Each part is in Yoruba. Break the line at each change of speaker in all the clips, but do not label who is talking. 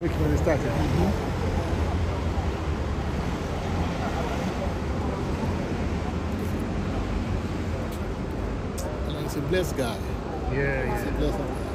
Look when it he's a blessed guy. Yeah, he's yeah. a blessed guy.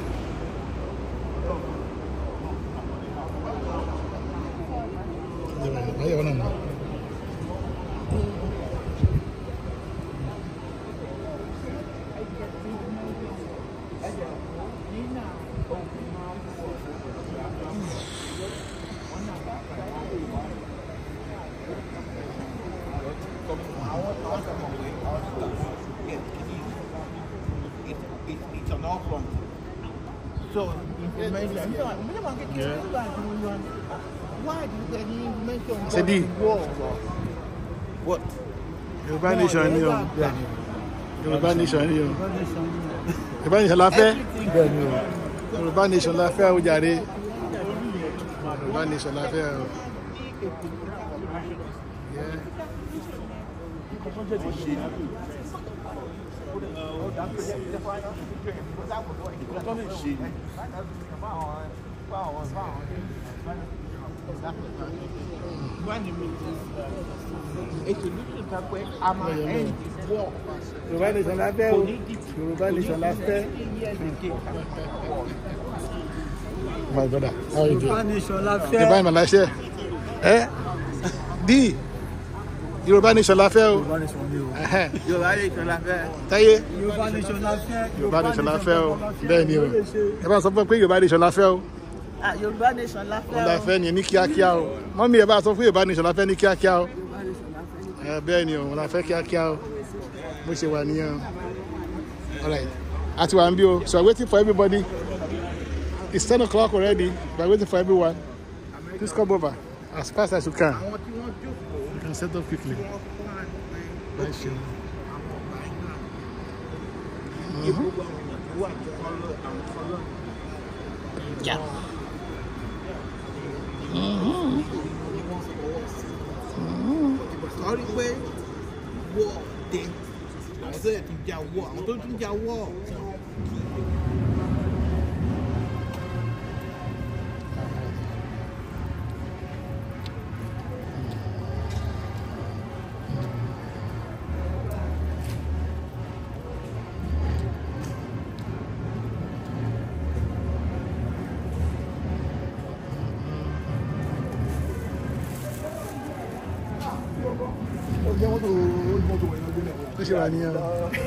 yorùbá nation ni o yorùbá nation ni o yorùbá nation la fẹ́ yorùbá nation la fẹ́ o jàre
yorùbá nation la fẹ́ o. Exactly
kan pé a máa end war. yorùbá
nation la fẹ́ o yorùbá nation la fẹ́. my brother how you doing. yorùbá
nation la yorùbá nation
la yorùbá nation la yorùbá nation ni yorùbá nation la yorùbá nation la fẹ́. o bẹ́ẹ̀ sọ fún mi pé yorùbá nation la o. yorùbá nation la fẹ́ ni ní kíákíá o mọ́mí ẹ bá sọ fún yorùbá nation la ní kíákíá o bẹ́ẹ̀ ni òun la fẹ́ kíákíá o bó ṣe wà nìyẹn all àti wà ń bí o so i'm waiting for everybody it's ten o'clock already but i'm waiting for everyone please come over as fast as you can you can set up quickly. Thank you.
Mm-hmm. Yeah. Mm-hmm.
Mm-hmm
wàá rí pé wọ́ọ̀ dé àwọn tó yẹ ti jà wọ́ọ̀ àwọn tó tún jà wọ́ọ̀.
啊。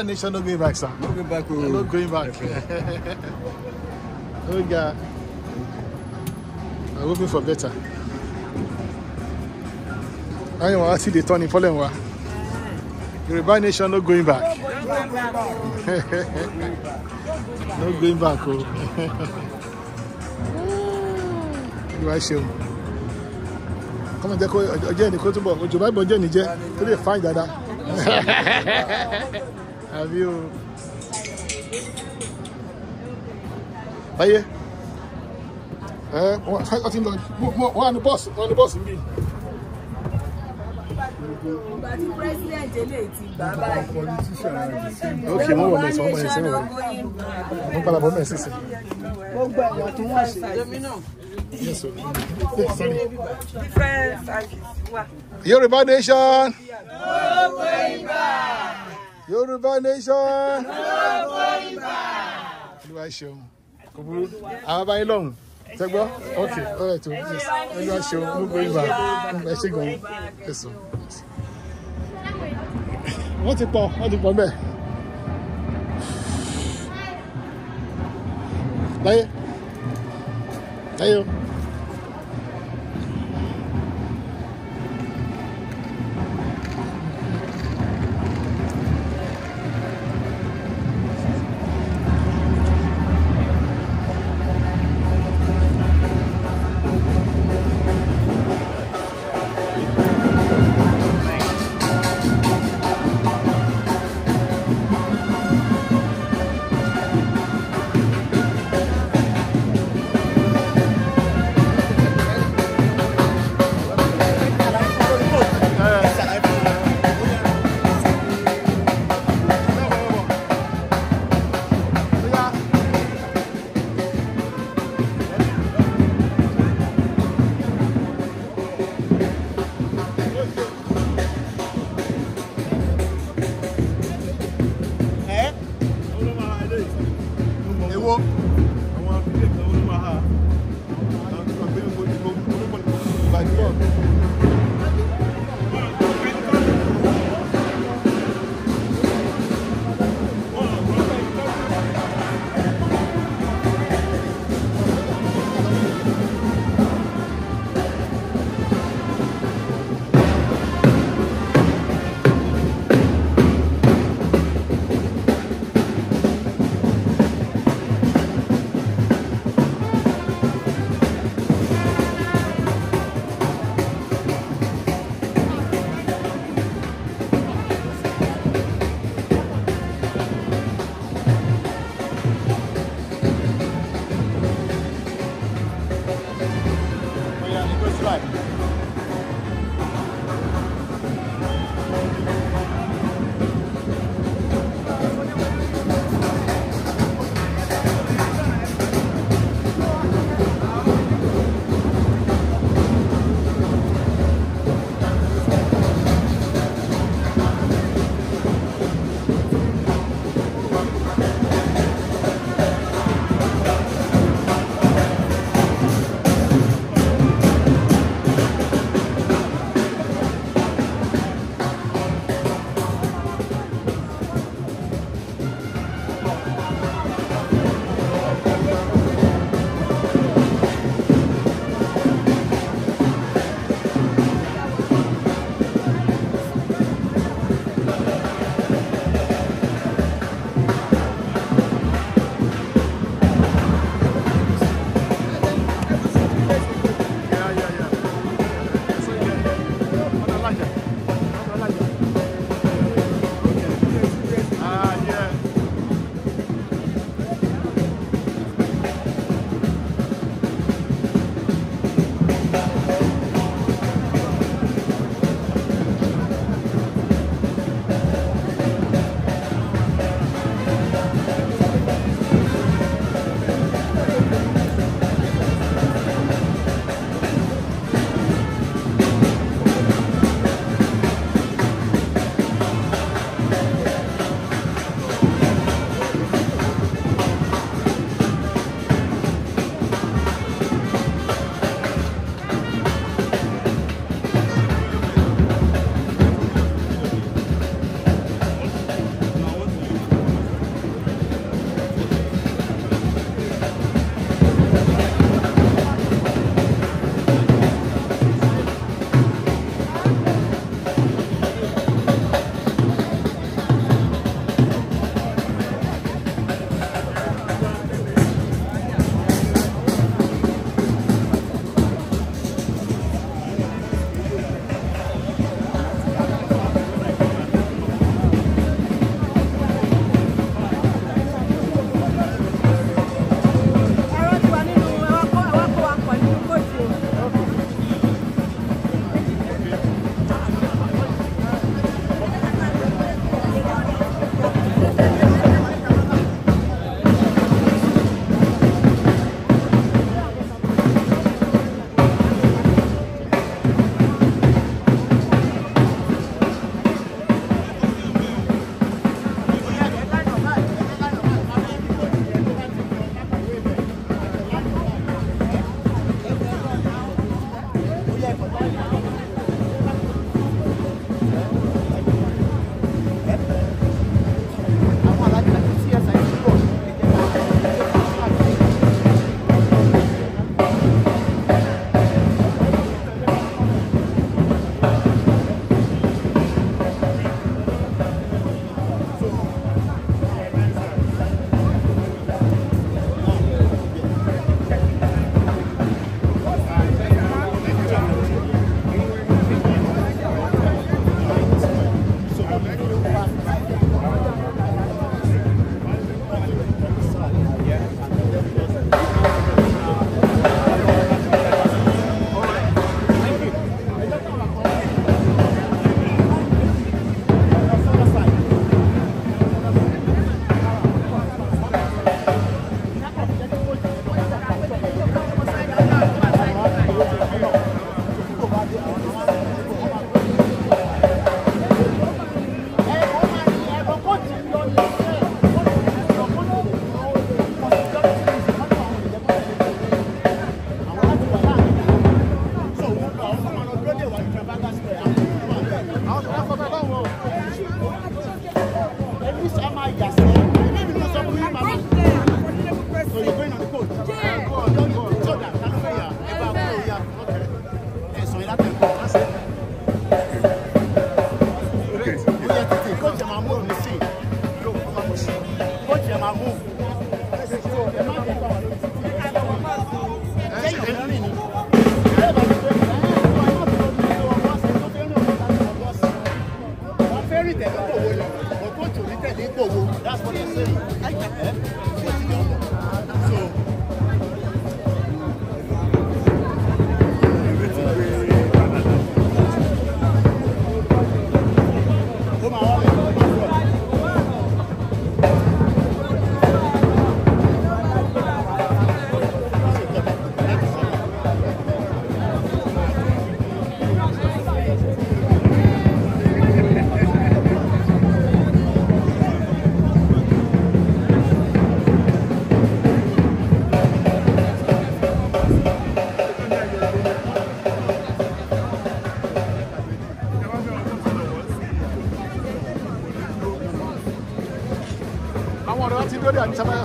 Yoruba nation no going back, sir. No going back. Oh. No going back. oh, yeah. I'm hoping for better. I see the turning problem. Yoruba nation no going back. No going back. no going back. Oh. You are sure. Come on, Jaco. Ọjọ́ ẹni kó túbọ̀. Òjò báyìí bọ̀ ọjọ́ ẹni jẹ́. Ó lè Have you? ayé Eh, what? What team wọ́n á ní bọ́ọ̀sì wọ́n á ní bọ́ọ̀sì
ń bì. ìgbà tí president eléyìí ti gbà báyìí.
ok mo wọ mẹsàn án mẹsàn án
mo padà Yes, sir. Sorry. Different sizes.
Yorùbá Nation.
Gbogbo Yorùbá
nation. lọ́wọ́ ibà. olúwa ṣeun kò burú àwọn abáyé lọ́hùn tẹgbọ́ ok ọ̀rẹ́ tó olúwa ṣeun mú gbé ibà ẹ ṣe gan ẹ̀sùn. wọ́n ti pọ̀ wọ́n ti pọ̀ mẹ́ẹ̀. láyé láyé o.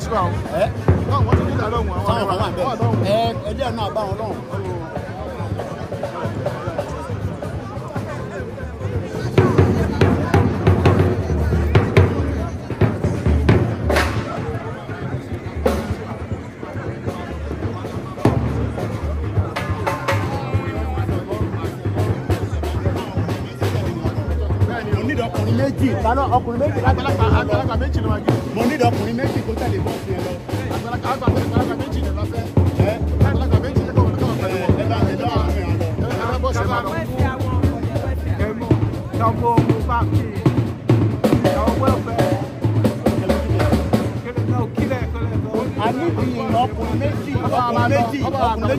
àṣùrà o. ẹ káwọn tó dídà lọ́hùn àwọn àwọn àwọn àdọ́hùn. ẹ ẹdíẹ̀ náà bá wọn lọ́hùn. ọkùnrin méjì ìtàná ọkùnrin méjì lágbàlagbà méjì ló máa gbé.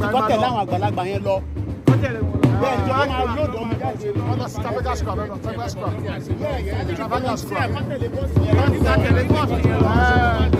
méjì tó tẹ̀lé àwọn àgbàlagbà yẹn lọ. bẹ́ẹ̀ ni máa yóò dán mi jáde. wọ́n sí tabaga square lọ́nà tabaga square. tabaga square. wọ́n tẹ̀lé bọ́ọ̀sì yẹn lọ.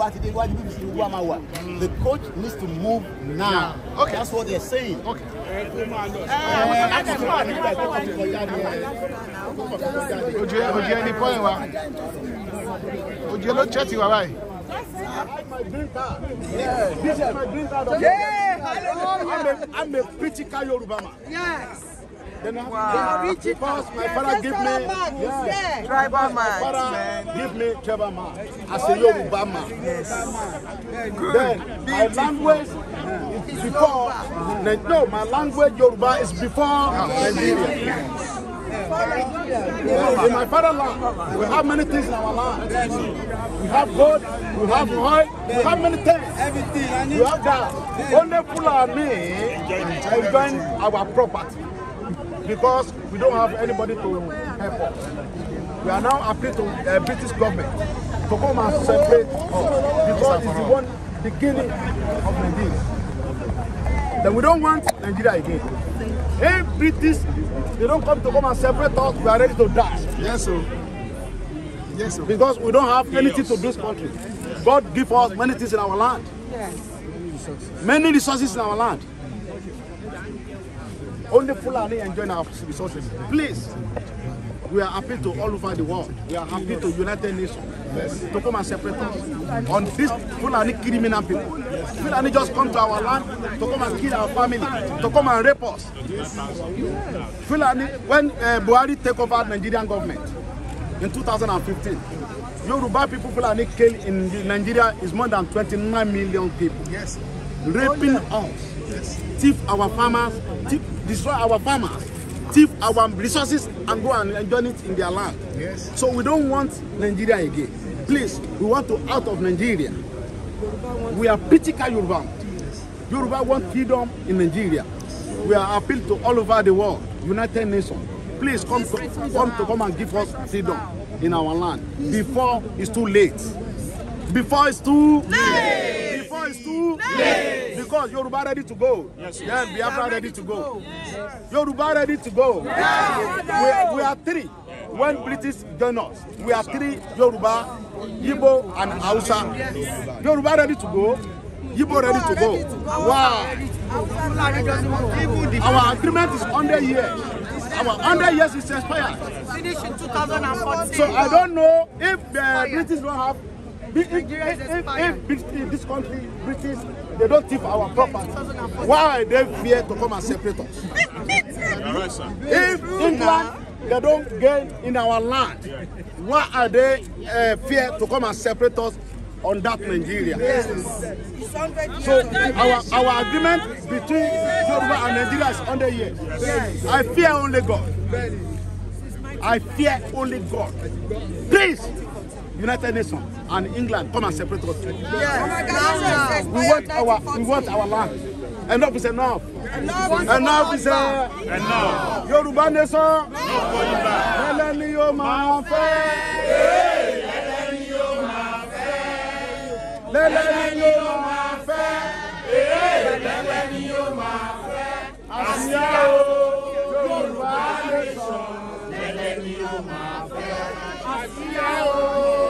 bá ti dé iwájú BBC gbogbo àmà wà the coach needs to move now okay. that's what they're saying. Okay. ojú ẹ
ojú ẹ ní pọ́ìn wa
ojú ẹ ló jẹ́ tiwa báyìí. I
have my
green card. Yeah. This is my green card. Yeah. I'm
a, I'm a critical Yoruba man.
Yes. Then I, wow. then I because my father give me yes,
tribal man. My father give me tribal man. I say Yoruba man. Yes. Then my language is before. No, my language Yoruba is before Nigeria.
Yeah. In
my fatherland, we have many things in our land. We have God. we have oil, we have many things. Everything. We have that. Only me Fulani enjoy our property because we don't have anybody to help us. We are now appealing to the uh, British government to come and separate us because it's the one beginning of the Nigeria. Then we don't want Nigeria again. Hey, British, they don't come to come and separate us, we are ready to die. Yes, sir. Yes, sir. Because we don't have anything to this country. God give us many things in our land.
Yes. Many
resources in our land. Only Fulani enjoying our resources. Please, we are happy to all over the world. We are happy to United Nations yes. to come and separate us on this Fulani criminal people. Yes. Fulani just come to our land to come and kill our family, to come and rape us. Yes. Fulani, when uh, Buhari take over Nigerian government in 2015, Yoruba people Fulani killed in Nigeria is more than 29 million people. Yes. Raping oh, yeah. us thief our farmers, thief, destroy our farmers, thief our resources and go and enjoy it in their land. Yes. So we don't want Nigeria again. Please, we want to out of Nigeria. We are critical Yoruba. Yoruba want freedom in Nigeria. We are appealed to all over the world, United Nations. Please come to, come to come and give us freedom in our land before it's too late. Before it's too late. Before it's too late. Because Yoruba ready to go. Yes. Then Biafra ready to go. Yes. Yoruba ready to go. Yes. We, we are three. When British join us, we are three Yoruba, Yibo, and Hausa. Yes. Yoruba ready to go. Yibo ready to go. Wow.
Our agreement is under years. Our 100
years is expired.
Finish in 2014. So I don't
know if the British don't have if, if, if, this country, British, they don't thief our property, why are they fear to come and separate us?
right, sir.
If England, they don't gain in our land, why are they uh, fear to come and separate us on that Nigeria? Yes.
So our, our agreement
between Yoruba and Nigeria is 100 years. I fear only God. I fear only God. Please. United Nations and England come and separate us. Yes. we want our we want our land. Enough is enough. Enough, enough is enough. enough. Yorùbá nation. Ẹlẹ́ni yóò máa fẹ́. Ẹlẹ́ni yóò máa fẹ́. Ẹlẹ́ni
yóò máa fẹ́. Ẹlẹ́ni yóò máa
fẹ́. Àṣìá o, Yorùbá nation. Ẹlẹ́ni yóò máa fẹ́. Àṣìá o.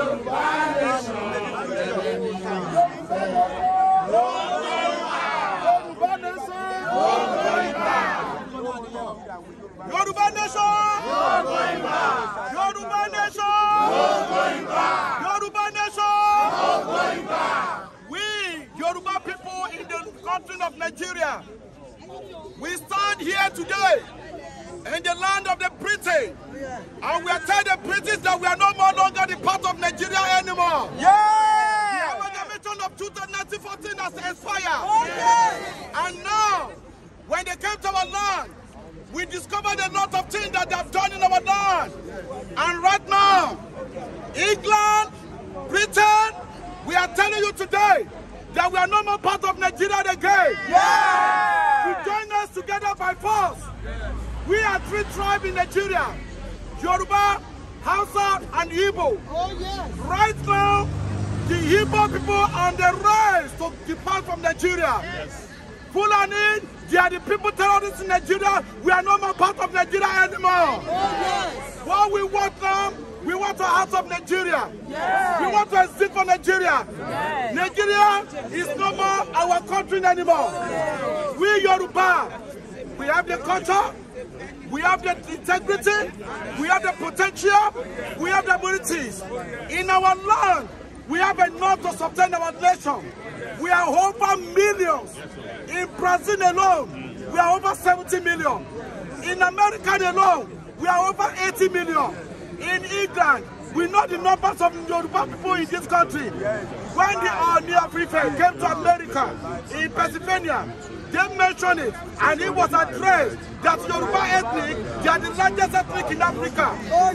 see, when the Ooni of Ife came to America in Pennsylvania, they mentioned it, and it was addressed that Yoruba ethnic, they are the largest ethnic in Africa.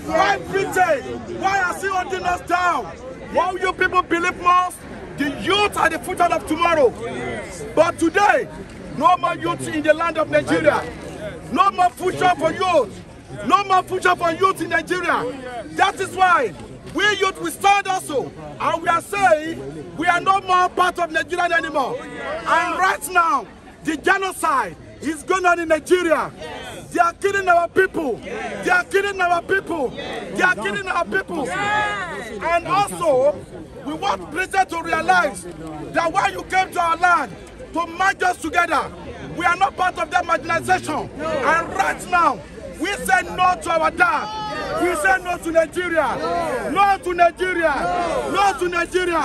Why Britain? Why are they holding us down? Why you people believe most? The youth are the future of tomorrow. But today, no more youth in the land of Nigeria. No more future for youth. No more future for youth in Nigeria. That is why we youth, will stand also And we are saying we are no more part of Nigeria anymore. And right now, the genocide is going on in Nigeria. They are killing our people. They are killing our people. They are killing our people. And also, we want president to realize that why you came to our land to merge us together, we are not part of that marginalization. And right now, we say no to our dad. We say no to Nigeria. No, to Nigeria. No, to Nigeria.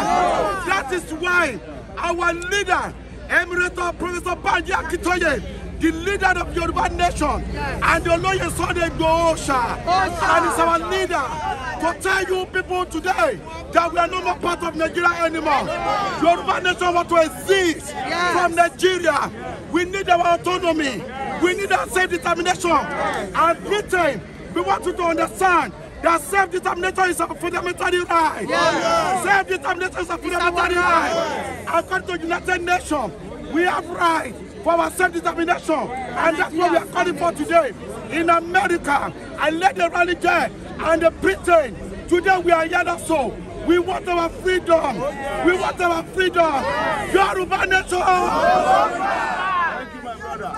That is why our leader, Emirator Professor Banji Akintoye, the leader of Yoruba nation and the lawyer Sunday Gosha and is our leader to tell you people today that we are no more part of Nigeria anymore. Yes. Yoruba nation want to exist from Nigeria. We need our autonomy. We need our self-determination. And Britain We want you to understand that self-determination is a fundamental right. Yes. Self-determination is a fundamental right. According to United Nations, we have right for our self-determination. And that's what we are calling for today. In America, I led the rally there and the Britain. Today we are here also. We want our freedom. We want our freedom. Yoruba nation. Thank you,
my brother.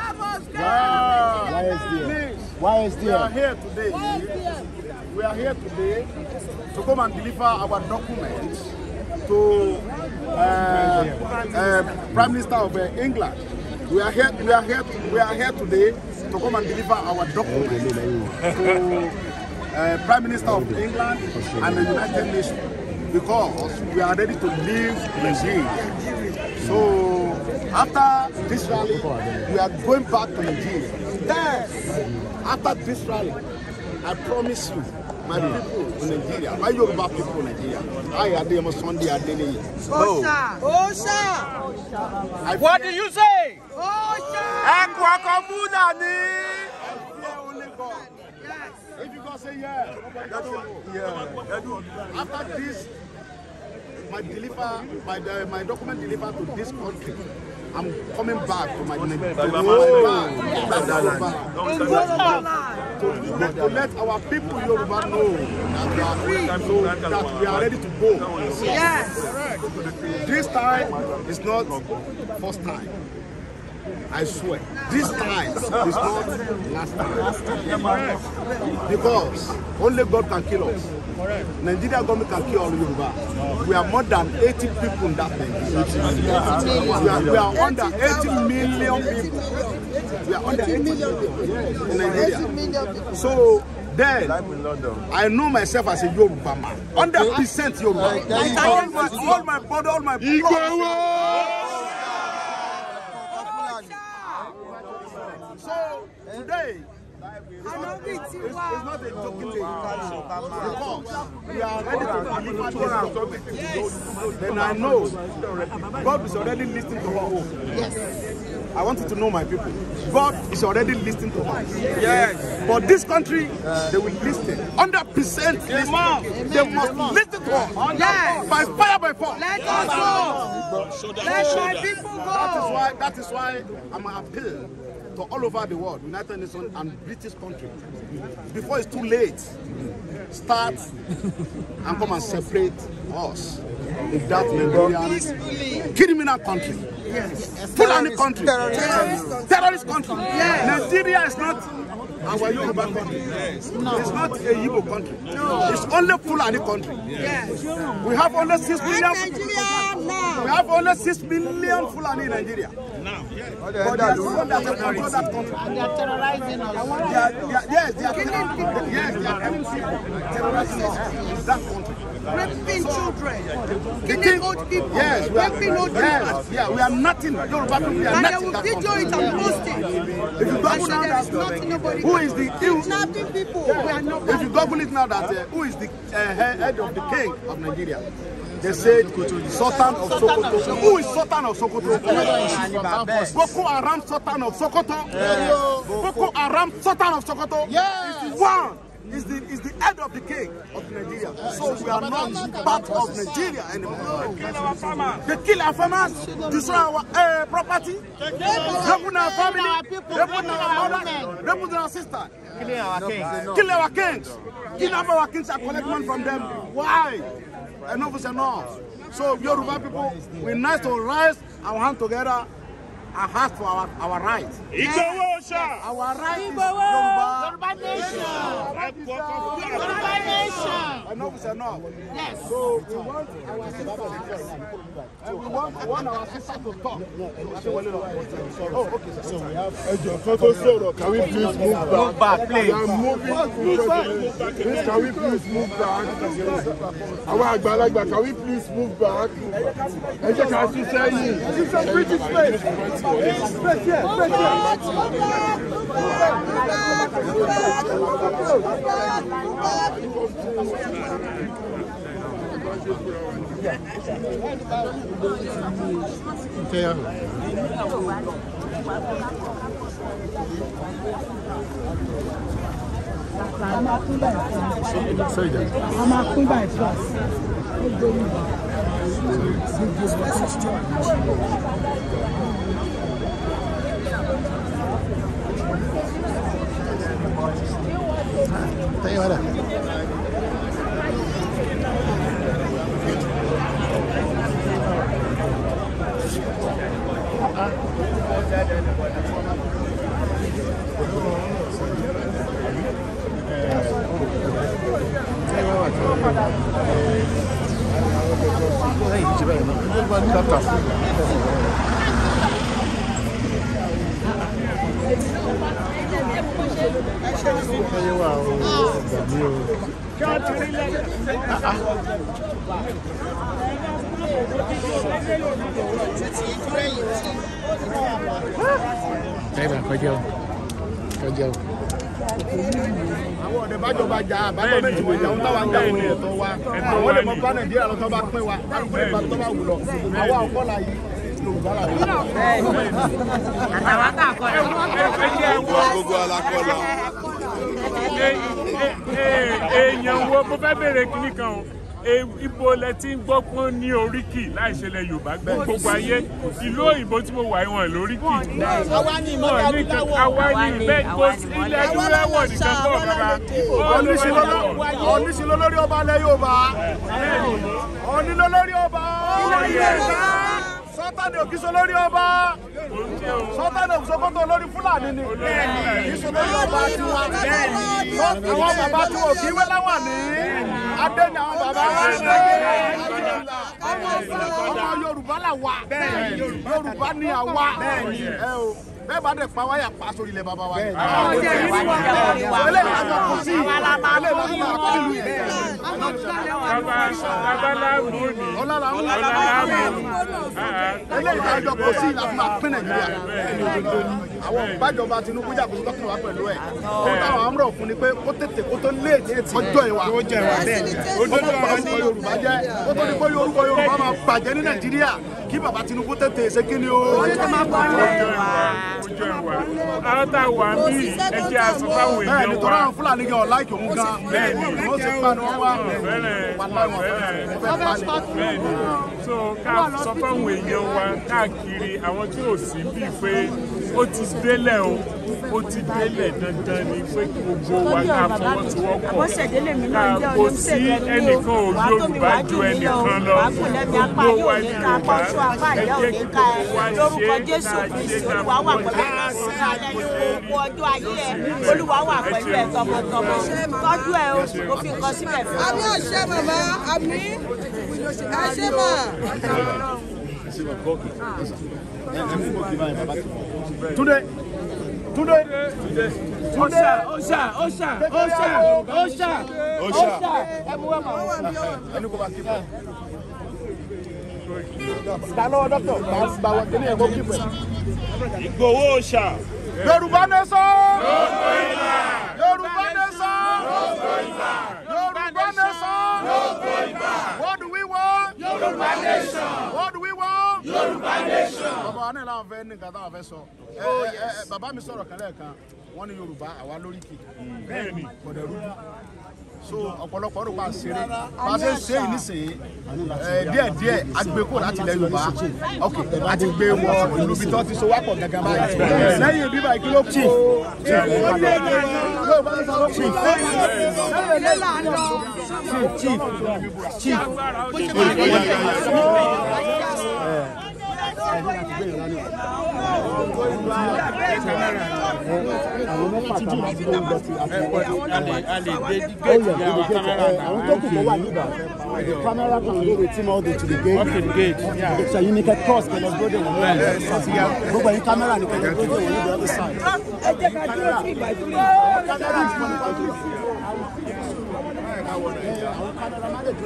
Wow. Yes, dear. YSDM. We are here today. YSDM. We are here today to come and deliver our documents to uh, uh, Prime Minister of uh, England. We are here. We are here. We are here today to come and deliver our documents to uh, Prime Minister of England and the United Nations because we are ready to leave Nigeria. So after this rally, we are going back to Nigeria. Yes. After this rally, I promise you, my hmm. people in Nigeria, my Yoruba people in Nigeria, I had them on Sunday at Dele. Osha!
Osha! What do you say? Osha! Ekwa Komuna ni! If
you can say yeah, that one, yeah. That one. After this, my deliver, my, uh, my document delivered to this country. I'm coming back to my name. Oh. To, to let our people in Yoruba know that we, are, so, that we are ready to go. Yes. This time is not first time. I swear, this time is not
last time.
Because only God can kill us. Nigeria government can kill all Yoruba. We are more than 80 people in that thing. We are, we are under 80 million
people. We are under 80 million people in Nigeria.
So then I know myself as a Yoruba man. 100% Yoruba. All my, all my body, all my blood.
So today, I it's not, it's, it's, it's not a
joking thing. Because we are ready to deliver to our Yes. Then I know God is already listening to us. Yes. I want you to know my people. God is already listening to us. Yes. But this country, they will
listen. 100% listen. Amen. They must Amen. listen to us. Yes. By fire, by force. Let us go. Let my people go.
That is why, that is why I'm appealing to all over the world, United Nations and British country, before it's too late, start and come and separate us with that Nigerian criminal country. Yes. Fulani country. Terrorist, terrorist country. Yes. Nigeria is not our Yoruba country. Yes. No. It's not a Igbo country. No. It's only Fulani country. Yes. yes. We have only six million. we have only six million Fulani in Nigeria. Now,
yes. But they are the ones they are
terrorizing us. yes, they are killing people. Yes, they
are killing people. Terrorizing us. That country raping children, killing old people, yes, we are, old yes, people. Yeah, we are
nothing. we are and nothing. And
will video it
and post it. If you google now that, not nobody who is the kidnapping people? Yeah. We are not. If you google it now that, uh, who is the uh, head of the king of Nigeria? They said Sultan of Sokoto. Who is Sultan of Sokoto? Boko Haram Sultan of Sokoto. Boko Haram Sultan of Sokoto. Yes.
one is the is the head
of the king of Nigeria. So we are not part of Nigeria
anymore. They kill our farmers.
They kill our Destroy our uh, property. They put our family. They put our mother. They put our sister. Killing
our kings. Kill
our kings. Kill our kings and collect money from them. Why? Enough is enough. So Yoruba people, we need to rise our hand together asked for our, our rights. Igboho yes.
Our rights Igboho. Yoruba nation.
Yoruba nation. Enough is enough. Yes. So we want our sister. And we want, want our sister to talk. Oh, okay.
So we have. Ẹjọ kan tó can we please move back? Move back please. We moving. Move back. can we please move back? Àwọn àgbàlagbà can we please move back? Ẹ jẹ́ ká ṣiṣẹ́ yìí. Ṣiṣẹ́ British place. Enterra.
I'm a
queen by force. حتى اي ولا you. ayé wa o
Àwọn ọ̀dẹ̀ bájọba jà àbájọ méjì wèjà ń táwa ń jà òun ẹ̀tọ́ wa. Àwọn lè mọ bá Nàìjíríà lọ bá pín wa, láti pín ìbá tó bá wù lọ. Àwa yìí àtàwọn tá
a kọ lọ. gbogbo agogo alakọlọ. èèyàn wo mo fẹ́ béèrè kinní kan o ibo lẹ ti ń gbọ́ pọ́n ní oríkì láìṣẹlẹ̀ yorùbá gbẹ gbogbo ayé ìlú òyìnbó tí mo wà ìwọ̀n lóríkì àwa ni ìbẹ́ kò sí ilẹ̀ adúláwọ̀ nìkan kọ́ rárá oníṣìlò
lórí ọba ilẹ̀ yorùbá onílò lórí ọba ilẹ̀ yorùbá sátani òkìsọ lórí ọba sọ́tàdé òṣòkòtò olórí fúlàní ni ìṣòlórí ọba tiwa àwọn bàbá tí wọn kì í wé ní adé ni àwọn bàbá wa ń gbé ọmọ yorùbá là wà yorùbá ni àwa bẹ́ẹ̀ bá dẹ̀ pa wáyà pa sórí ilẹ̀ bàbá wa. eléyìí ló kù sí eléyìí ló kù sí ìlú yìí. ọlọ́lá ń wọ́n eléyìí ló kù sí ìlànà pín nàìjíríà àwọn ìbájọba tinubu jà kó tọkùnrin wa pẹ̀lú ẹ̀ kó táwọn àmúrọ̀ fún ni pé kó tètè kó tó léèjì ọjọ́ ìwà ó jẹ ìwà bẹ́ẹ̀ ó tó bá orúkọ yorùbá jẹ́ ó tó ní pé orúkọ yorùbá máa bàjẹ́ ní nàìjíríà kí bàbá tinubu tètè ṣe kí ni o. ó jẹ́ ìwà ọjọ́ ìwà àwọn tá a wà ń bí ẹ jẹ́ aṣọ fáwọn èèyàn wa. bẹ́ẹ̀ni tó gan ọ̀la ìkòmù
ó ti panu wá pàtàkì so ká sọ fáwọn èèyàn wa káàkiri àwọn tí ò sí bíi pé ó ti délẹ̀ o ó ti délẹ̀ dandan ni pé gbogbo wa ká fọwọ́sowọ́pọ̀ ká kò sí ẹnìkan ò Yorùbá ju ẹnìkan lọ gbogbo
wa ni Yorùbá ẹ jẹ́ kí gbogbo wa ṣe é ṣe ká fọwọ́sowọ́pọ̀.
Thank you.
Túndé Túndé Túndé ọṣà ọṣà ọṣà ọṣà ọṣà ẹmu wà máa ẹnu kò bá kí fún
ta lọ́wọ́ dọ́kítọ̀ bá wà kí ni ẹ̀kọ́ kí fún ẹ. Ìgbòho ọṣà. Yorùbá nation. Yorùbá nation. Yorùbá nation. What do we want? Yorùbá nation. What do ọmọ wa náà làwọn fẹ́ ní nǹkan táwọn fẹ́ sọ oh, bàbá mi sọ̀rọ̀ kan lẹ́ẹ̀kan wọ́n ní yorùbá àwa lóríkì bẹ́ẹ̀ni kọ̀dẹ̀rú so ọ̀pọ̀lọpọ̀ ọ̀rọ̀ pa ṣeré bá a ṣe ń ṣe ìnísìnyí díẹ̀ díẹ̀ agbẹ́kọ̀ láti ilẹ̀ yorùbá ok àti gbé wọ ìlú bí tó ti so wápọ̀ gàgà báyìí lẹ́yìn bíbá ìkìlọ̀ kù ó yorùbá ló sọ
ló kù chief chief chief àwọn mẹ́fà tá a
máa ti gbọ́ ti àti àwọn tó kù tó wà níbà kámẹ́rà to the gate so you need to cross pẹ̀lú gbọ́dọ̀ wọn gbogbo yín kámẹ́rà ní pẹ̀lú gbọ́dọ̀ wọn níbi other side. kámẹ́rà ti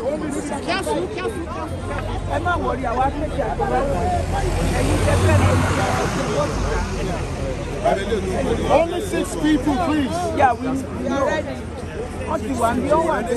pọ̀
nípa ẹ má wọrí àwa tẹ̀sí àgbọ̀wọ́ ẹ̀yin tẹ fẹ́ lọ Only six people, please. Yeah, we, we are ready. Wọ́n ti wà ní ọ̀wà dé.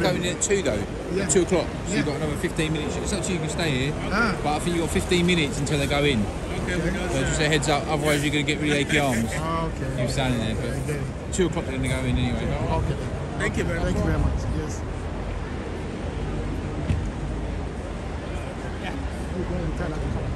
you're going in at two though. Yeah. At two o'clock. So yeah. you've got another 15 minutes. It's up to you. You can stay here. Ah. But I think you've got 15 minutes until they go in. Okay. okay. So just a heads up. Otherwise, you're going to get really achy arms. oh, okay. You're standing there. But okay. two o'clock, they're going to go in anyway. Okay. okay. Thank you very much. Thank you very much. Yes. Yeah.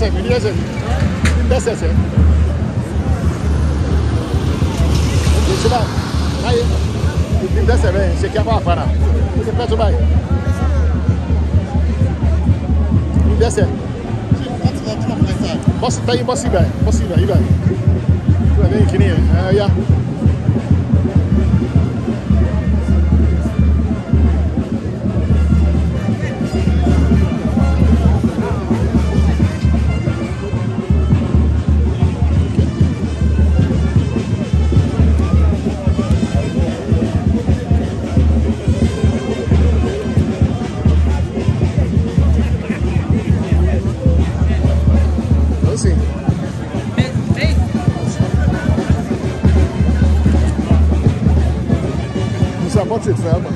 ẹsẹ̀ mi ní ẹsẹ̀ mi dẹ́sẹ̀ sẹ́ òkè tó báyìí láyé ìdí dẹ́sẹ̀ bẹ́ẹ̀ ṣe kí a bá wà fara ó ti pẹ́ tó báyìí ìdí It's not.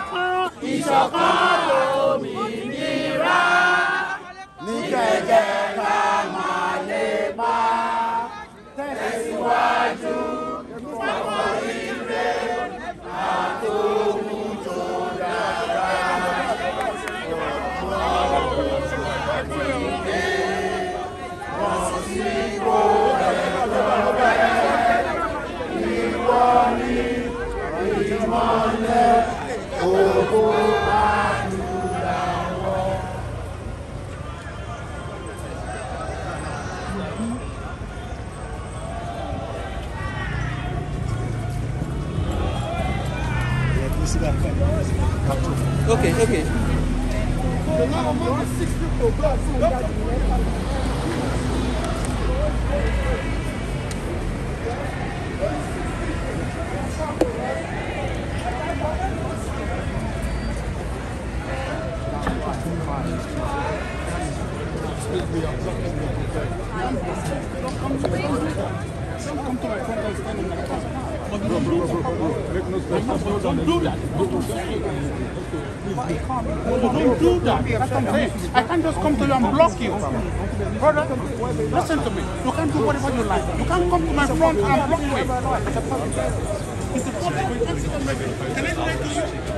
ìṣọ̀kan ìṣọ̀kan lómìnira ní kẹ̀kẹ́ ká máa lè pa tẹ̀síwájú fọ́pọ̀ ire àtòkùn tó dára ọ̀pọ̀ àti ìdè Okay,
okay. So now I'm on six people, black, so that's
Don't do that. Don't do that. That's what I'm saying. I can't just come to you and block you. Brother, listen
to me. You can't do whatever you like. You can't come to my front and block me. It's
a Can I do that to you?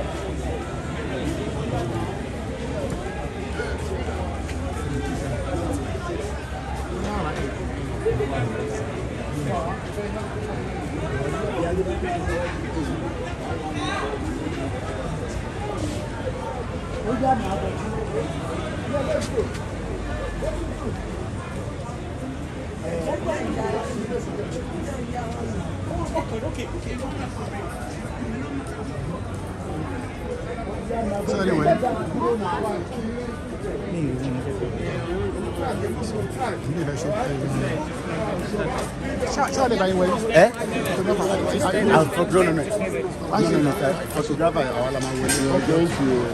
lè bá yín wẹ̀ ẹ́ àfọ̀gbọ́n nínú ẹ̀ nínú ẹ̀ fọ́tògráfà àwọn alamọ̀ wẹ̀ ní ọjọ́ ìṣòro.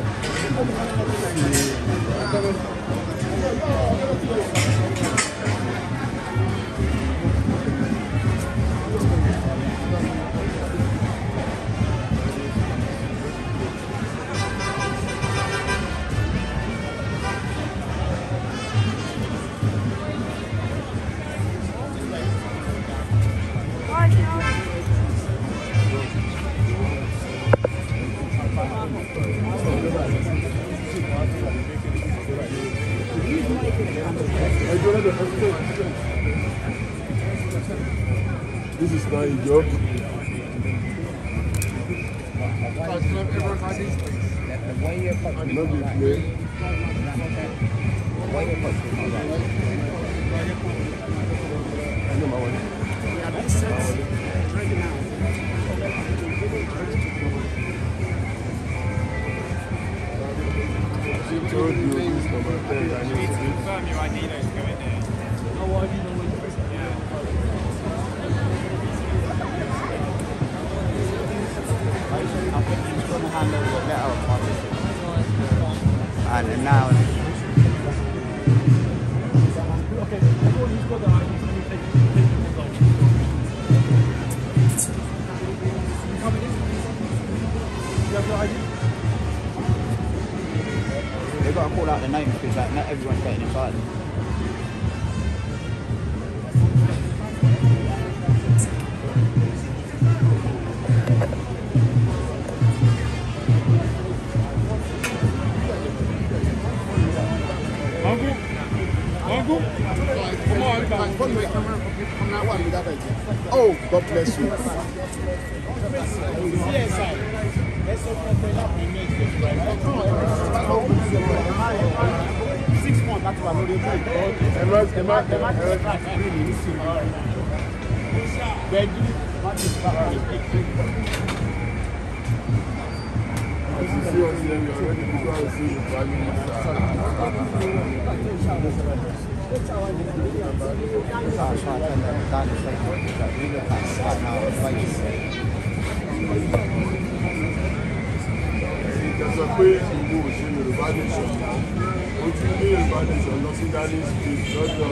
not everyone's getting invited.
Все, все.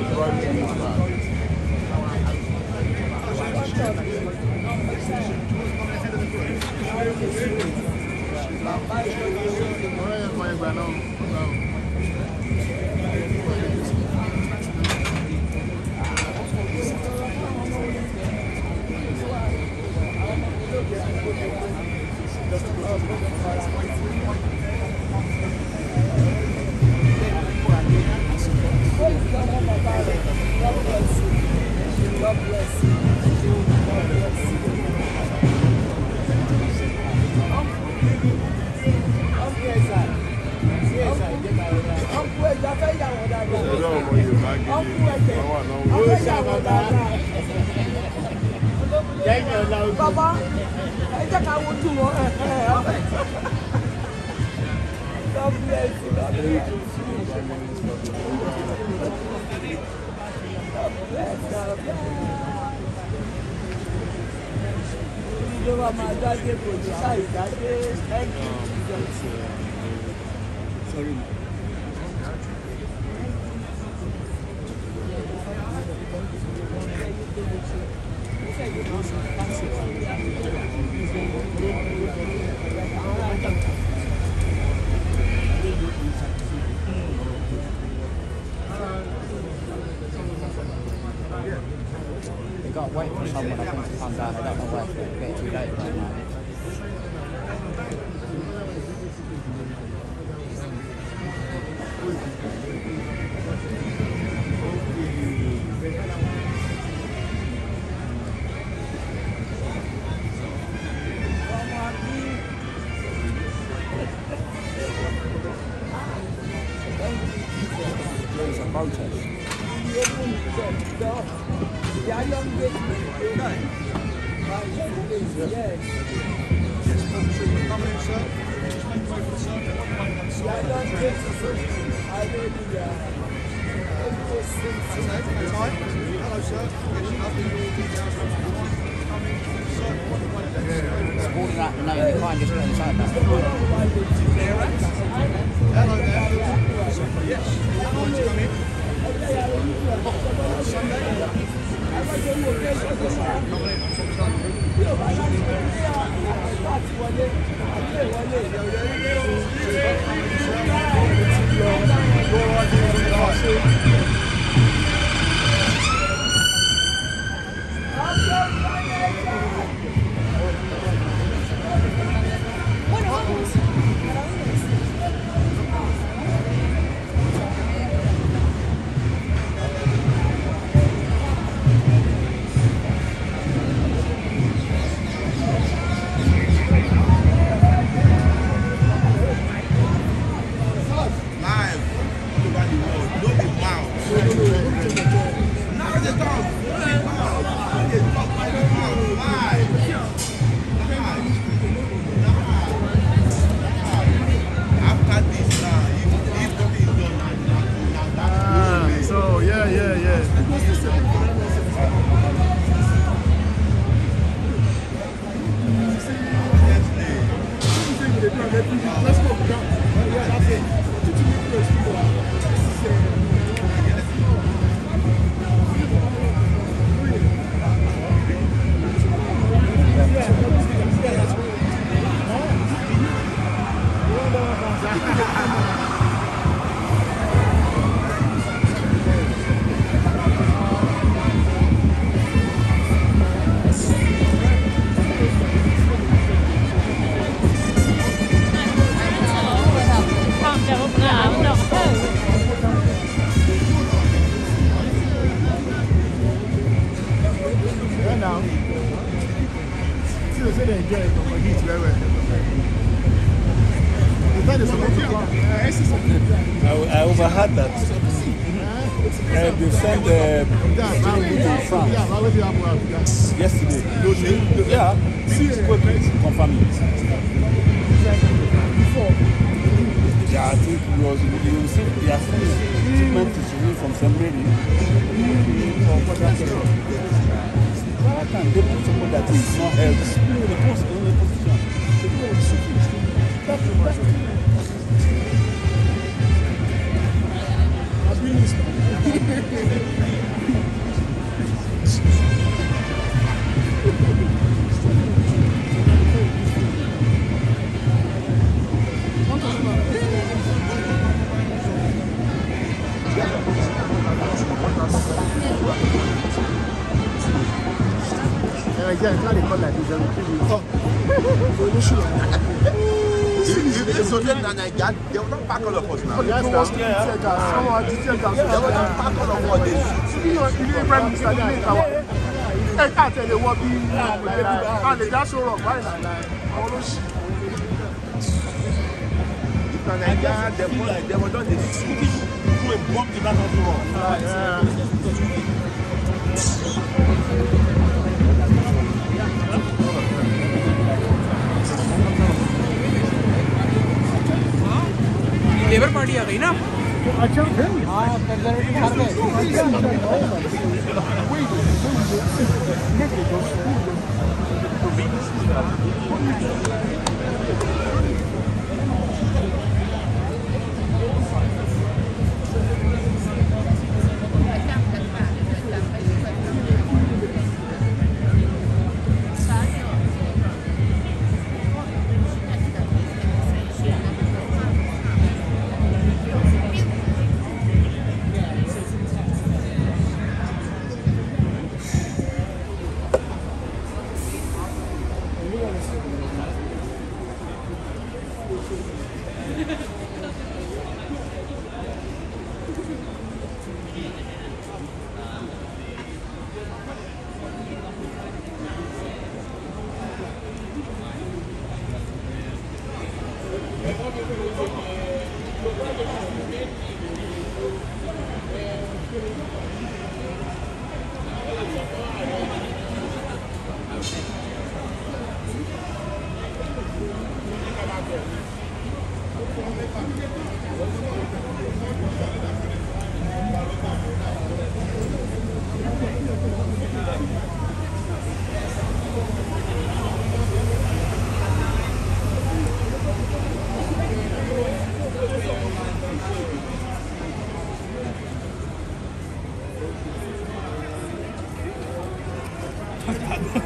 pack all of us now. Yes, no one's here. Someone has to take us. They want to pack all They shoot. Prime Minister, they make lè dá sọ̀rọ̀ báyìí. Àwọn olóṣì. If na Nigeria, bomb the battle for us?
Labour Party आ गई ना अच्छा हाँ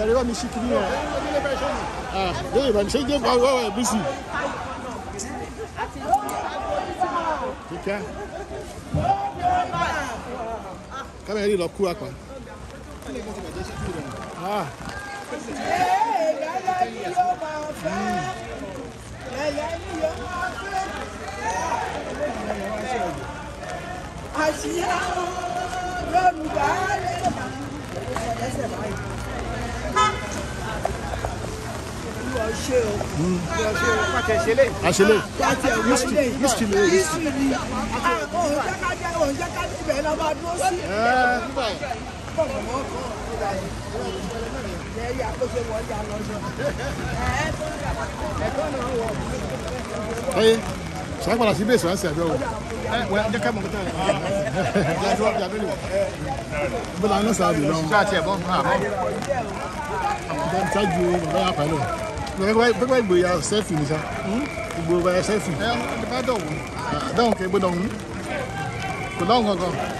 jàre bá mi ṣí kiri náà. Ah, yóò yẹ bá mi ṣe jẹ́ bá wọ́wọ́ ẹ̀ bísí. kíkẹ́ kámẹ́rì lọ kú apá.
àṣẹlẹ. àṣẹlẹ history history lè history. òun jẹ́
ká jẹ́ òun jẹ́ ká níbẹ̀ náà máa dúró sí.
Oye,
sọ padà sí bẹ́ẹ̀sì ránṣẹ́ àbẹ̀wò. Ẹ wẹ́ jẹ́ ká mọ̀ kí tẹ̀lé. Láti wá jàbẹ́lì. Bọ́lá ń lọ sáà bì lọ. Ṣé àti ẹ̀bọ́n fún àbọ̀? Àbùdá ń tájú bàbá yà pẹ̀lú pẹ́pẹ́ ìgbòyà sẹ́fì nìṣá ìgbòyà hmm? sẹ́fì. ẹ ẹ bá dọ̀wọ́ dọ̀wọ́ kẹ́ gbé dọ̀wọ́ kò dọ̀wọ́ kankan.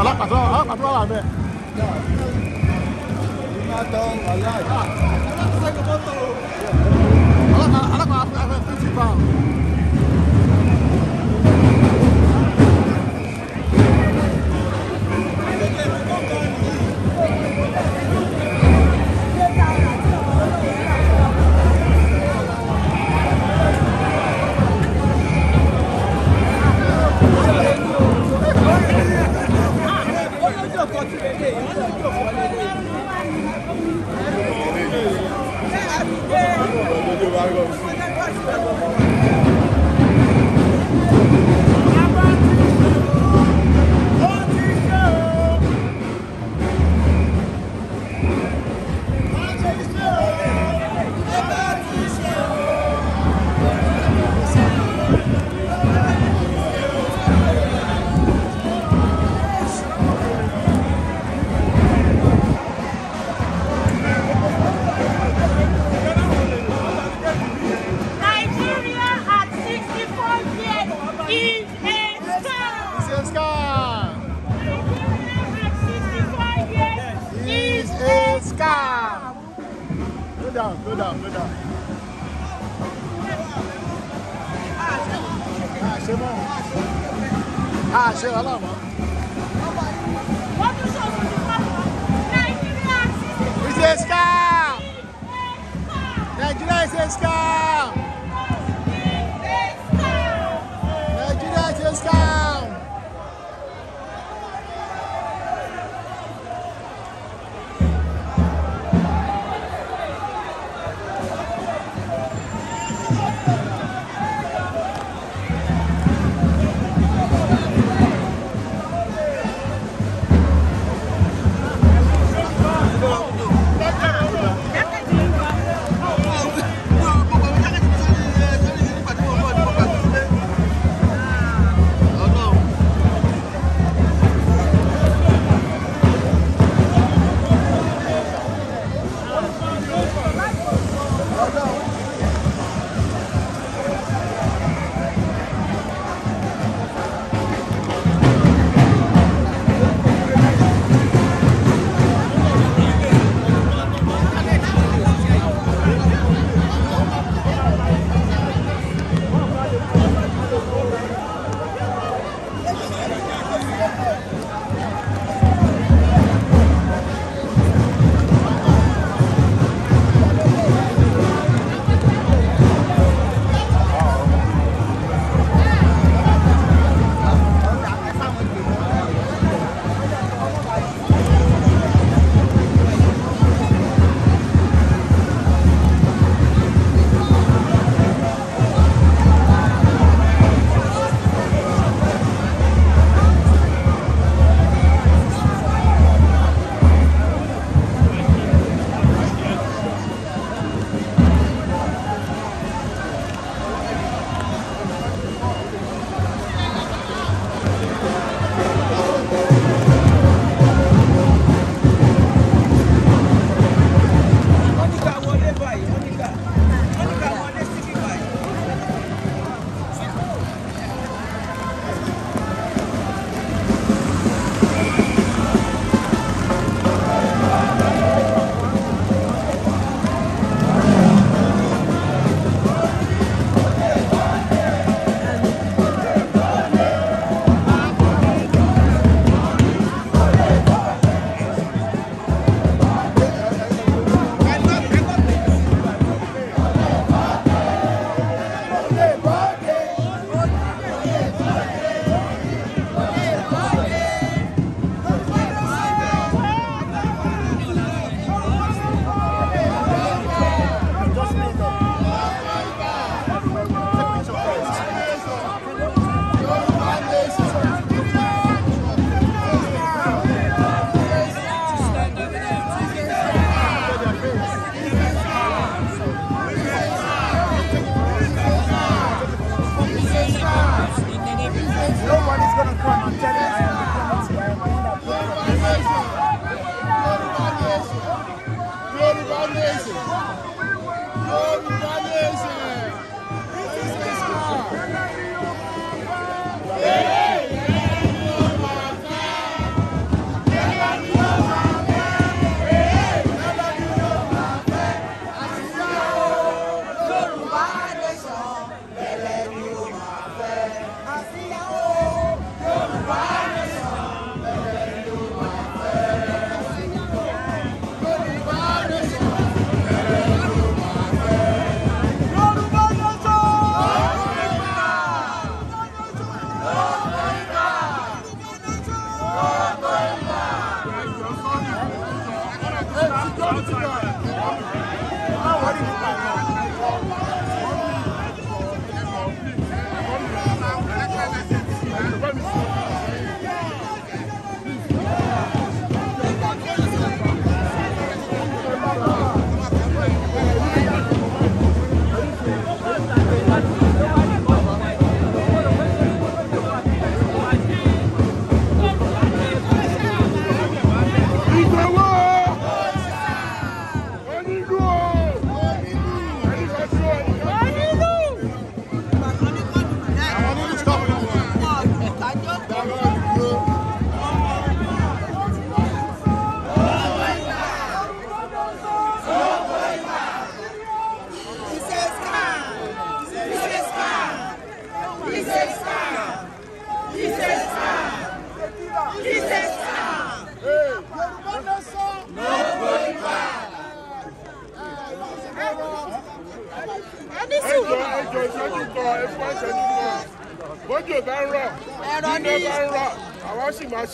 alápàtó alápàtó wà láàbẹ̀.
alápàtó alápàtó fifty pounds.
largo.
down, go down, go down. Ah, c'est bon. Ah, c'est là, là, It's a
scam! Nigeria is a scam!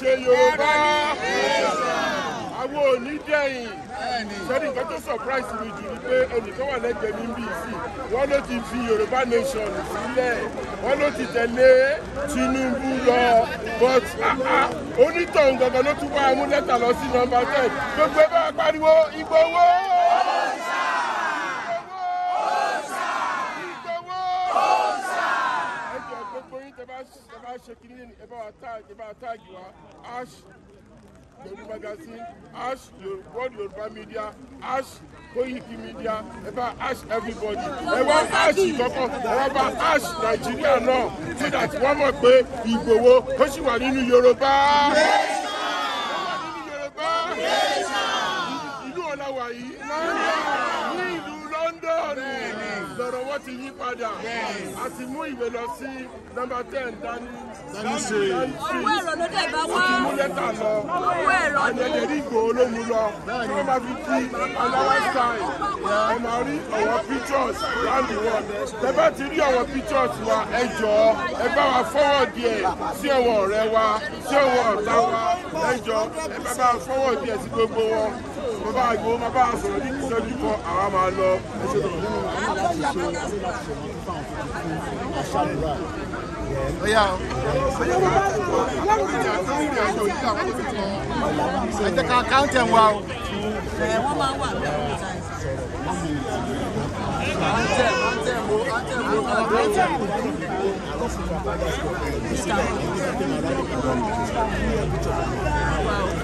ṣe Yorùbá àwọn ò ní dẹ̀yìn sẹ́ni nǹkan tó surprise mi jù ni pé ẹnìkan wà lẹ́gbẹ̀ẹ́ mi ń bí sí wọ́n ló ti fi Yorùbá nation sílẹ̀ wọ́n ló ti tẹ̀lé Tinubu lọ but ah, ah, onítọ̀hún gangan ló tún wá amúlẹ́tà lọ sí nọ́mbà ten gbogbo ẹ pariwo Ìgbòho. ash kìíní yẹn ẹ bá wa tag wa ash yorùbá magazine ash world yorùbá media ash koyiki media ẹ ash everybody ẹ wá ash kọ́kọ́ ẹ wá ash nàìjíríà náà so that wọ́n mọ̀ pé ìgbòho ó sì wà nínú yorùbá. ìlú ọ̀la wà yìí ní ìlú london ìsọ̀rọ̀wọ́ ti yí padà a ti mú ìwé lọ sí nọ́mbà ten dání dání owó ẹ̀rọ ló dé bá wá ó ti mú lẹ́tà lọ owó ẹ̀rọ ni àyẹ̀lẹ̀ rí ìgbòho ló mú lọ tí wọ́n máa fi kí aláwa style ẹ máa rí ọ̀wọ́ pictures round the world ẹ bá ti rí ọ̀wọ́ pictures wa ẹ jọ ẹ bá wa fọwọ́ díẹ̀ sí ọwọ́ ọ̀rẹ́ wa sí ọwọ́ ọ̀tá wa ẹ jọ ẹ bá wa fọwọ́ díẹ̀ sí gbogbo wọn mo bá àgbo mo bá sọ̀rọ̀ ní ìṣẹ́jú kan àwa máa lọ. ẹ ṣe lọ́wọ́ nínú àwọn láti ṣe láti ṣe mọ́ fífa àwọn tuntun fún àṣàlùbà. Ọya o.
Ẹ jẹ́ ká káńtì ẹ̀ wá o.
Wọ́n máa ń wà ní ọ̀rọ̀ ìta ẹ̀sìn.
Anthem, anthem, oh, anthem, oh, anthem. Wow.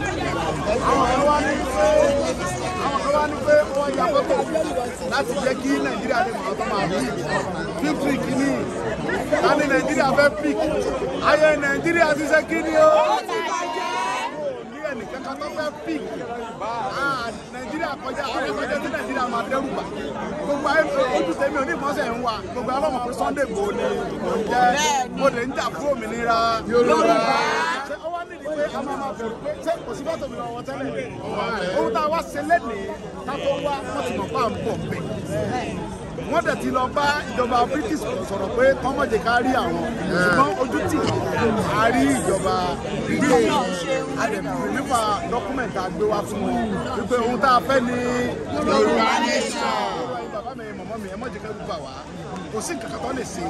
àwọn kan wá ní pé àwọn kan wá ní pé wọ́n ya fọ́tò láti jẹ́ kí nàìjíríà lè mọ̀ ọ́tọ́ máa bí fífi kìíní láti nàìjíríà fẹ́ pík ayé nàìjíríà ti ṣe kí ni o ẹnìkan kan tó fẹ́ píìkì ah, nàìjíríà kọjá àrẹ́kọjá tí nàìjíríà máa dẹ́rù bà gbogbo ayé ojú tèmi ò ní ìmọ̀ọ́sẹ̀ ń wa gbogbo àwọn ọmọ Sunday bò ní ìjẹ́ mo lè ń jà fún òmìnira Yorùbá pé a máa máa bẹ̀rù pé ṣé kò sí bọ́tò mi lọ́wọ́ tẹ́lẹ̀ ohun wọ́n dẹ̀ ti lọ bá ìjọba british sọ̀rọ̀ pé kọ́mọ̀jẹ̀ ká rí àwọn ṣùgbọ́n ojú tì a rí ìjọba ilé àdẹ̀mọ̀ nípa dọ́kúmẹ̀ntì àgbé wa fún wọn wípé ohun tá a fẹ́ ni Yorùbá nation. bàbá mi mọ̀mọ́ mi ẹ mọ̀jẹ̀ ká rúbà wá kò sí nǹkan lè ṣe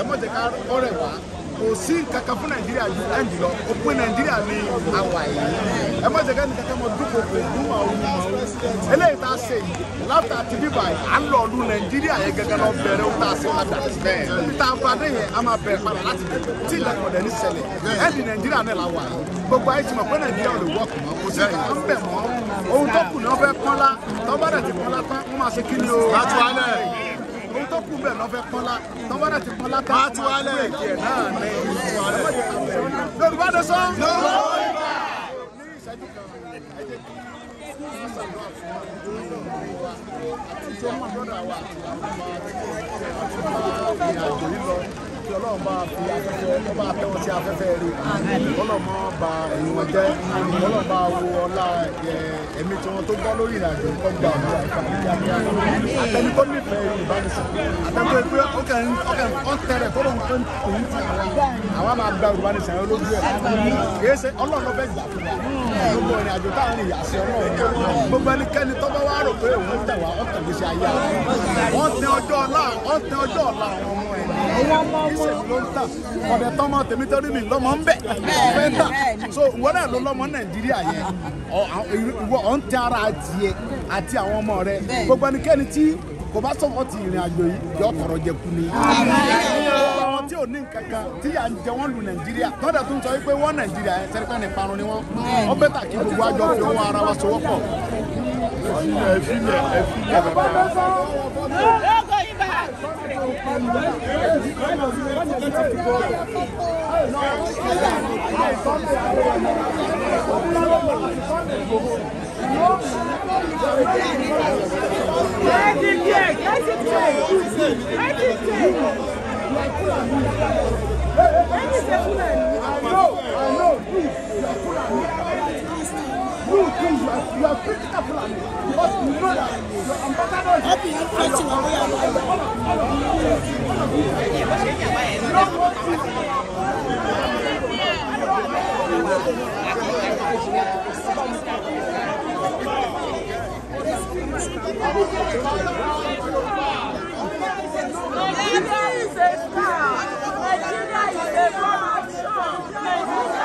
ẹ mọ̀jẹ̀ ká ọ̀rẹ́ wá kò sí kankan fún nàìjíríà ju ẹnjì lọ òpin nàìjíríà ní àwà yìí ẹ má jẹ́gẹ́ ní kankan mọ dúkòkò ìlú àwọn ọmọ eléyìí tá a ṣe yìí láfta ti bíbà yìí à ń lọ ọdún nàìjíríà yẹn gẹ́gẹ́ lọ bẹ̀rẹ̀ ó tá a ṣe padà tá a padà yẹn a máa bẹ̀rẹ̀ padà láti bẹ̀rẹ̀ tí ilẹ̀kùn ọ̀dẹ̀ ní ṣẹlẹ̀ ẹnjì nàìjíríà náà la wà yìí gbogbo ayé ti mọ̀ pé nàìjíríà ò lè wọ́ kùmọ̀ kò sí ẹ̀ ń bẹ̀ mọ́ ohun tó kù ni wọ́n fẹ́ kọ́lá tọ́ bá dẹ̀ ti kọ́lá tán wọ́n máa ṣe kí ni o. láti wá ó tó kù bẹ́ẹ̀ lọ́fẹ́ pọ́nlá tọ́wọ́ náà ti pọ́nlá tá a ti wá lẹ̀ ẹ̀jẹ̀ náà ní Yorùbá ló sọ. Thank you kí ọlọ́run bá fi afẹ́fẹ́ tó bá fẹ́ wọn sí afẹ́fẹ́ rí ọlọ́run ba ẹ̀yìn wọn jẹ́ ọlọ́run bá wo ọlá ẹ̀mí tí wọ́n tó gbọ́ lórí ìrìnàjò nǹkan gbà wọn àtẹni tó nífẹ̀ẹ́ ìbánisọ̀rọ̀ àtẹni pé ó ìbánisọ̀rọ̀ lójú ẹ̀ kì í ṣe ọlọ́run ló fẹ́ gbà fún wa gbogbo ìrìnàjò táwọn ìyá sí ọlọ́run gbogbo ẹnikẹ́ni tó bá wá wọn mọ ọmọ ọ̀dẹ̀ mi lọ́mọ ń bẹ̀ ọ̀fẹ́ so ìwọ náà ló lọ́mọ nàìjíríà yẹn ìwọ ọ̀ ń tẹ ara adìẹ àti àwọn ọmọ rẹ gbogbo ẹnikẹ́ni tí kò bá sọ̀kọ̀ ti ìrìn àjò yìí yọ tọrọ jẹ kú ni tí ò ní nǹkankan tí à ń jẹ wọn lu nàìjíríà tọ́jà tó ń sọ wípé wọ́n nàìjíríà ẹ̀ sẹ́ríkà ní parun ni wọ́n wọ́n bẹ́tà kí gbogbo àjọ fi owó ara wa sowọ́pọ̀. ẹ fi lẹ ẹ fi lẹ bàbá. I know, I know, please, you're full of you are you are, you are critical planning you know that your happy you.
Nigeria is a star.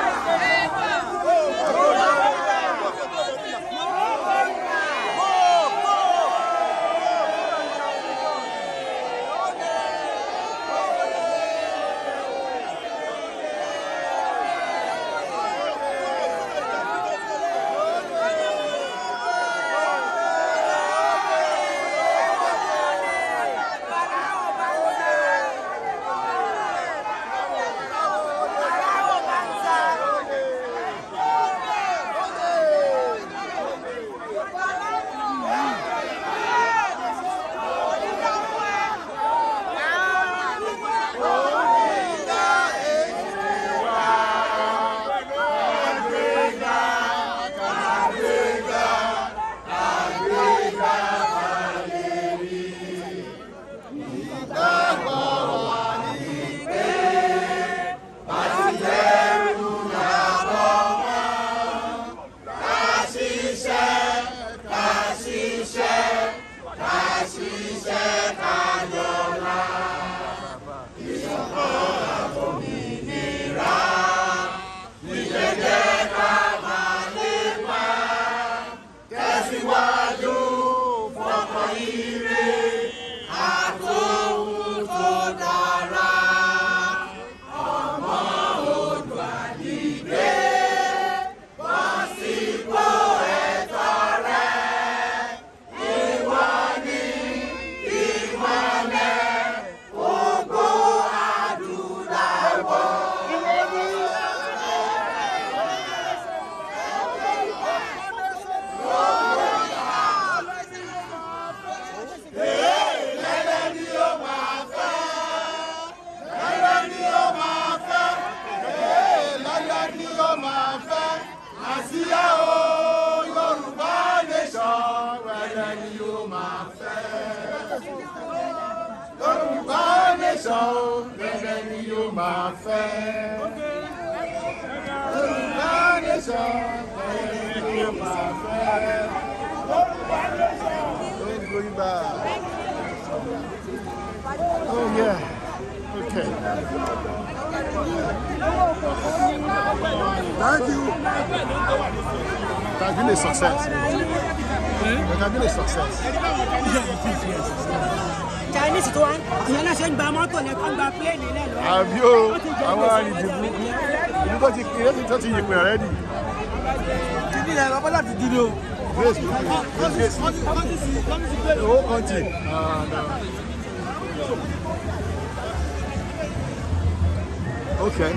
ti yìnbọn rẹ
dì.
títí rẹ bàbá láti dúró. grace ah,
okay.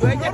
Gracias.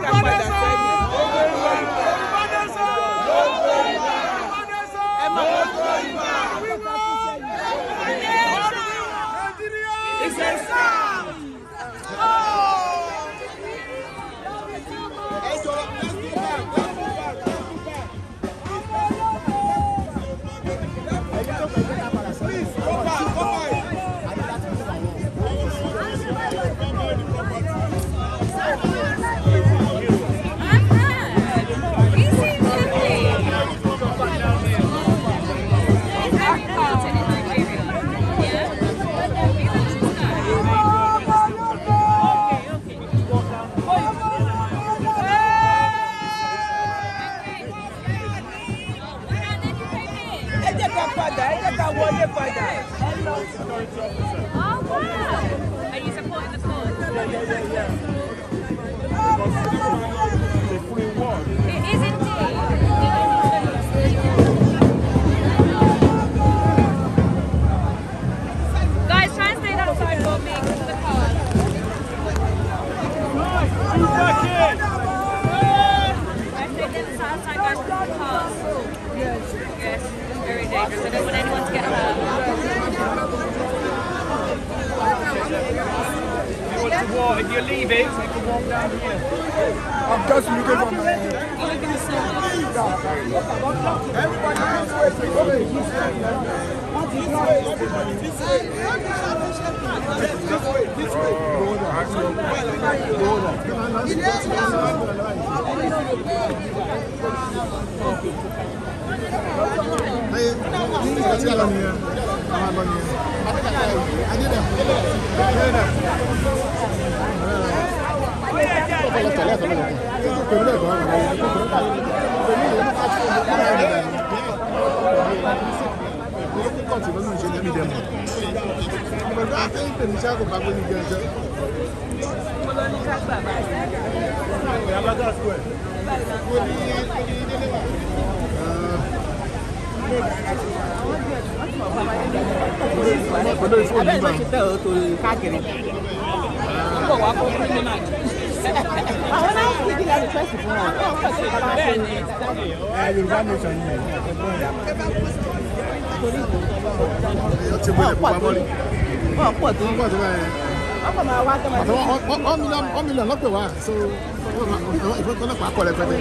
I'm just looking for my
Everybody this way, everybody this way. This way, this way. This way. I did that. I did that.
Abẹ́rẹ́ ló ṣe tẹ̀ ọ́ torí káàkiri.
Ó bọ̀ wá fún kírímínà àwọn náà
ti di ẹni fẹsí fún wọn.
bẹ́ẹ̀ ni
Yorùbá nation yìí ẹ̀gbọ́n yà. torí ìgbà tí
wọ́n pọ̀ tó wọ́n pọ̀ tó wọ́n pọ̀ tó báyìí.
ọkọ̀ máa wá tẹ́lẹ̀. wọ́n mílíọ̀nù lọ́pẹ̀ wá so ọlọ́pàá kọ̀ lẹ́pẹ́tẹ́.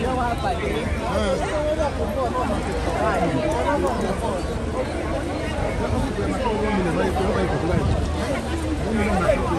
Thank you.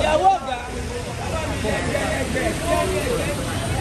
ìyàwó ọ̀gá ẹgbẹ́ ẹgbẹ́ ẹgbẹ́ ẹgbẹ́.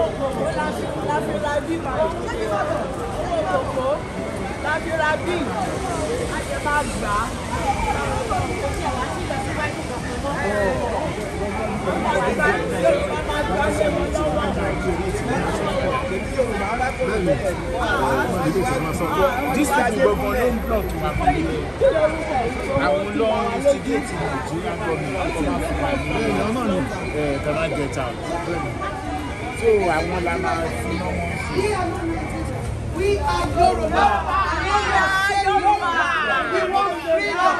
This time gbọ̀ngàn ló
ń block wa fún mi. Àwọn ló ń instigate to come get out. so àwọn la máa fi náà wọn
ṣe. Yorùbá Yorùbá we want freedom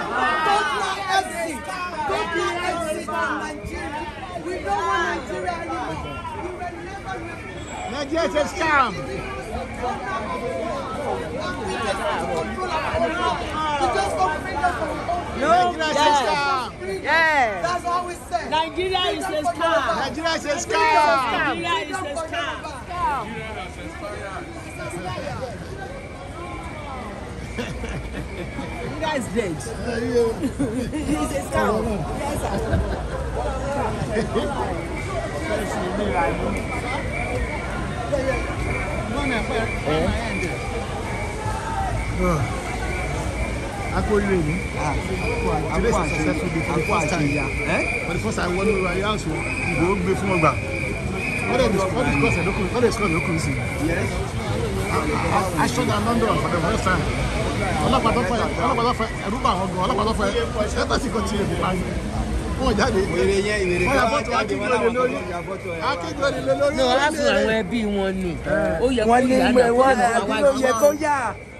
don't na exit don't be exit from Nigeria we don't want Nigeria anymore.
Nigeria is
a scam.
No, Nigeria is a scam. Yeah. That's all we say. Nigeria is a scam. Nigeria is a scam. Nigeria is a scam.
Nigeria is dead. He's a scam. Yes,
sir. akóríre ni ah, akó àṣẹṣẹṣẹ akó àṣẹyà
eh? for the first time wọnú ayé àṣọ ìbò ó gbé fún ọgbà wọ́n dẹ̀ sọ́ọ̀lù lókùnrin sí aṣọ ní alọ́ndọ̀ ọ̀fọ̀dẹ̀ wọ́n sàn ọlọ́pàá tó fẹ́ ọlọ́pàá tó fẹ́ ẹ̀rú bá àwọn gan ọlọ́pàá tó fẹ́ ẹ̀tọ́ sì kọ́ tiẹ̀ nípa
wọ́n jáde wèrè yẹn ìwèrè kan wọ́n jáde akéjọ́ lè lórí
akéjọ́ lè
lórí. ní ọlá fún àwọn
ẹbí wọn nù eh. ó yẹ kó yà náà wọn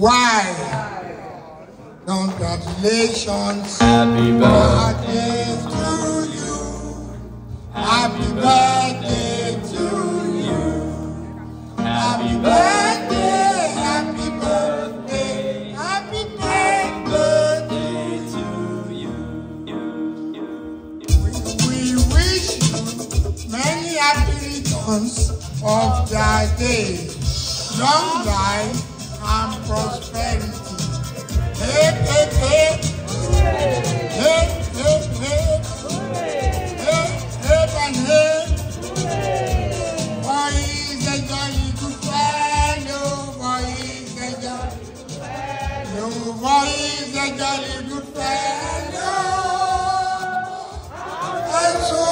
Why? Congratulations. Happy birthday to you. Happy birthday to you. Happy birthday. of thy day. Long life prosperity. Hey, hey, hey. Hey, hey, hey. Hey, hey, and hey. to find, to find, so,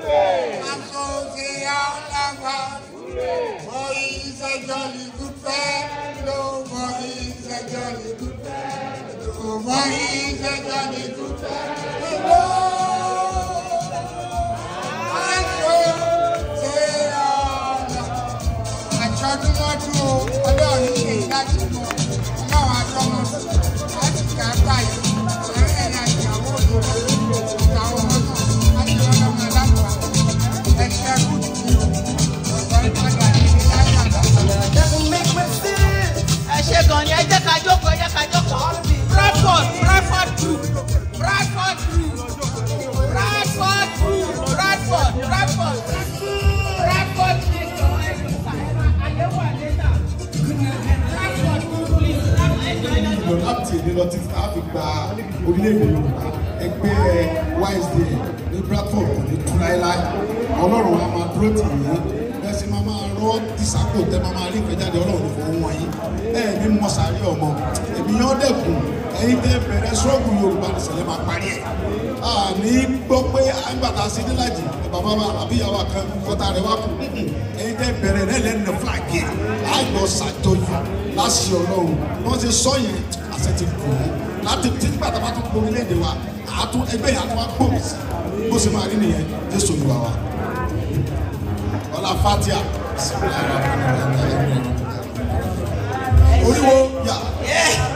so, Baba. For he is I
try not I don't need
Bradford Bradford Drew Bradford Drew Bradford Drew Bradford Bradford Bradford
láti èdè lọ títí tá a fi gba orílẹ̀-èdè Yorùbá
ẹgbẹ́ ysd ní Bradford
kò ní tú láéláé Ọlọ́run a máa dúró tì yín bẹ́ẹ̀ sì máa máa rọ́ dísákò tẹ́ máa máa rí ìfẹ́jáde Ọlọ́run fún wọn yín ẹ̀ ní mọ̀sárì ọmọ èmi yàn dẹ́kun ẹ̀yin tẹ́ bẹ̀rẹ̀ ṣọ́ọ̀bù yorùbá nìṣẹ̀lẹ̀ máa parí ẹ̀ a ní gbọ́ pé àgbàtà sí nílàjì bàbá wa àbíyàwó kan kọ́tà rẹ̀ wá kù ẹ̀yin tẹ́ bẹ̀rẹ̀ rẹ̀ lẹ́nu fúlàgì ẹ̀ àjọ ṣàjọyọ̀ láṣì ọlọ́run wọ́n ti sọ yẹn àṣẹ ti kù ú láti tí gbàtà bá tún gbomi léde wa àtún ẹgbẹ́ yẹn àtún wá sí bó ṣe máa rí nìyẹn jésù olúwa wa ọlá fatia
oríwo yà. Yeah.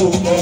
Senhor.